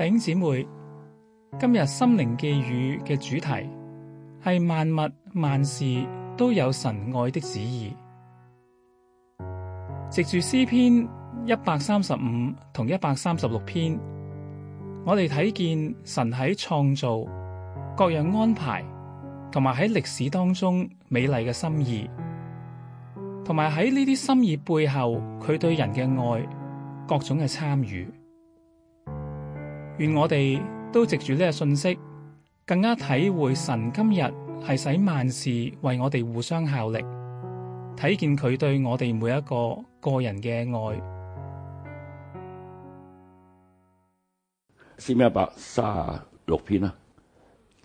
弟兄姊妹，今日心靈寄語嘅主題係萬物萬事都有神愛的旨意。藉住詩篇一百三十五同一百三十六篇，我哋睇見神喺創造、各樣安排，同埋喺歷史當中美麗嘅心意，同埋喺呢啲心意背後，佢對人嘅愛，各種嘅參與。願我哋都藉住呢個信息，更加體會神今日係使萬事為我哋互相效力，睇見佢對我哋每一個個人嘅愛。先篇一百卅六篇啦，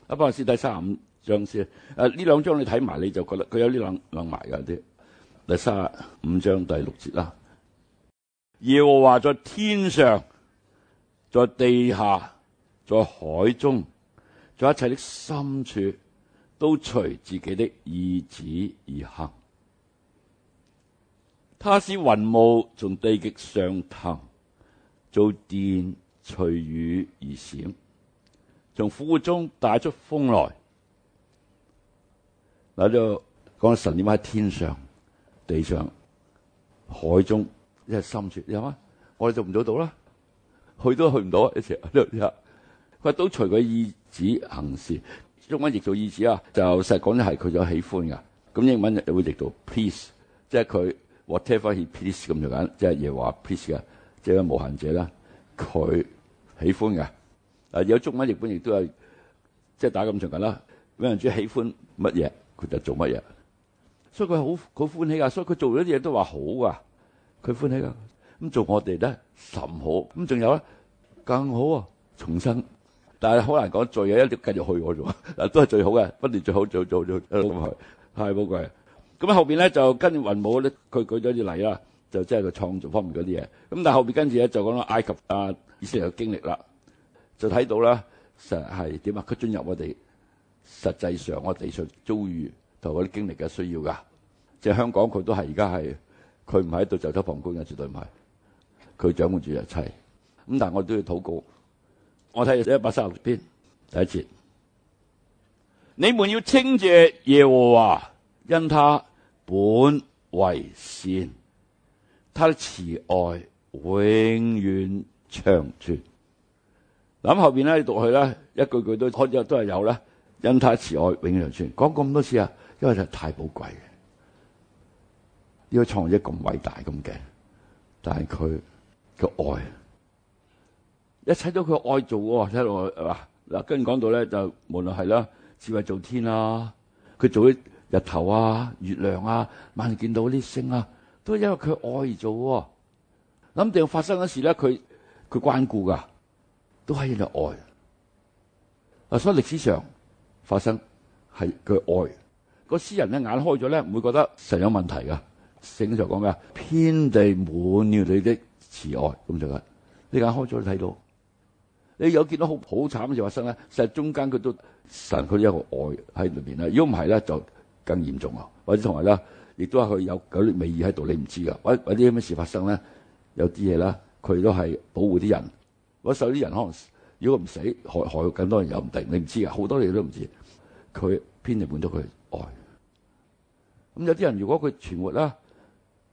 一博士睇卅五章先，誒，呢兩章你睇埋你就覺得佢有呢兩兩埋噶啲，第卅五章第六節啦，要話在天上。在地下、在海中、在一切的深處，都隨自己的意旨而行。他使雲霧從地極上騰，造電隨雨而閃，從府庫中帶出風來。嗱就講神點解喺天上、地上、海中，一係深處，有嗎我哋做唔做到啦？去都去唔到，一成兩日。佢都隨佢意旨行事。中文譯做意旨啊，就實講咧係佢就喜歡噶。咁英文又會譯到 please，即係佢 whatever he please 咁長緊，即係亦話 please 㗎。即係無限者啦。佢喜歡㗎。啊，有中文譯本亦都係即係打咁長緊啦。有人最喜歡乜嘢，佢就做乜嘢。所以佢好好歡喜㗎。所以佢做咗啲嘢都話好㗎。佢歡喜㗎。咁做我哋咧甚好，咁仲有咧更好啊重生，但係好難講，再有一直繼續去我做都係最好嘅，不斷最好做做做咁去，係寶貴。咁啊後邊咧就跟雲霧咧，佢舉咗啲例啦，就即係個創造方面嗰啲嘢。咁但係後邊跟住咧就講到埃及啊以色列經歷啦，就睇到啦，實係點啊？佢進入我哋實際上我哋所遭遇同嗰啲經歷嘅需要噶，即係香港佢都係而家係。佢唔喺度袖手旁觀嘅，絕對唔係。佢掌管住一切。咁但係我都要禱告。我睇《一百三十六篇》第一節，一節你們要稱謝耶和華，因他本為善，他的慈愛永遠長存。咁後邊咧，你讀去咧，一句句都，都係有咧。因他慈愛永遠長存，講咁多次啊，因為就太寶貴嘅。呢個創意咁偉大咁嘅，但係佢個愛，一切都佢愛做喎。一路係嘛嗱，跟住講到咧，就無論係啦，智慧造天啦、啊，佢做啲日頭啊、月亮啊，萬見到啲星啊，都係因為佢愛而做。諗定發生嗰事咧，佢佢關顧噶，都係因為愛啊。所以歷史上發生係佢愛、個詩人咧，眼開咗咧，唔會覺得神有問題噶。聖經就講咩啊？遍地滿了你的慈愛。咁就係你眼開咗睇到，你有見到好好慘嘅事發生咧。實係中間佢都神佢一個愛喺裏邊啦。如果唔係咧，就更嚴重啊。或者同埋咧，亦都係佢有有啲美意喺度，你唔知噶。或者或者啲咩事發生咧？有啲嘢啦，佢都係保護啲人。或者受啲人可能如果唔死，害害更多人又唔定。你唔知噶，好多嘢都唔知。佢遍地滿咗佢愛。咁有啲人如果佢存活啦。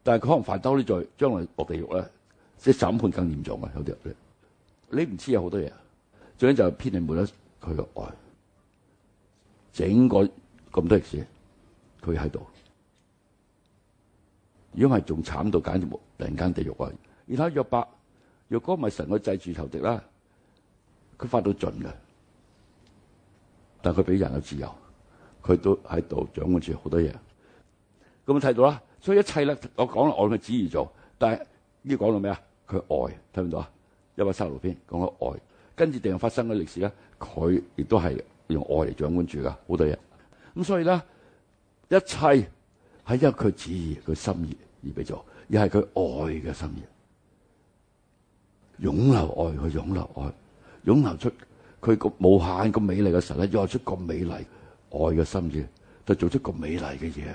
但係佢可能犯多呢，再將來落地獄咧，即係審判更嚴重啊！有啲你唔知有好多嘢，最緊就偏離冇得佢嘅愛。整個咁多歷史，佢喺度。如果係仲慘到簡直冇突人間地獄啊！你睇約伯，若果唔係神去制住仇敵啦，佢發到盡嘅。但係佢俾人嘅自由，佢都喺度掌握住好多嘢。咁睇到啦。所以一切咧，我講我嘅旨意做，但係呢講到咩啊？佢愛，聽唔到啊？一百三十六篇講到愛，跟住第二發生嘅歷史咧，佢亦都係用愛嚟掌管住噶，好多嘢。咁所以咧，一切係因為佢旨意、佢心意而俾做，而係佢愛嘅心意，湧流愛去湧流愛，湧流出佢個無限咁美麗嘅神咧，湧出咁美麗愛嘅心意，就做出咁美麗嘅嘢。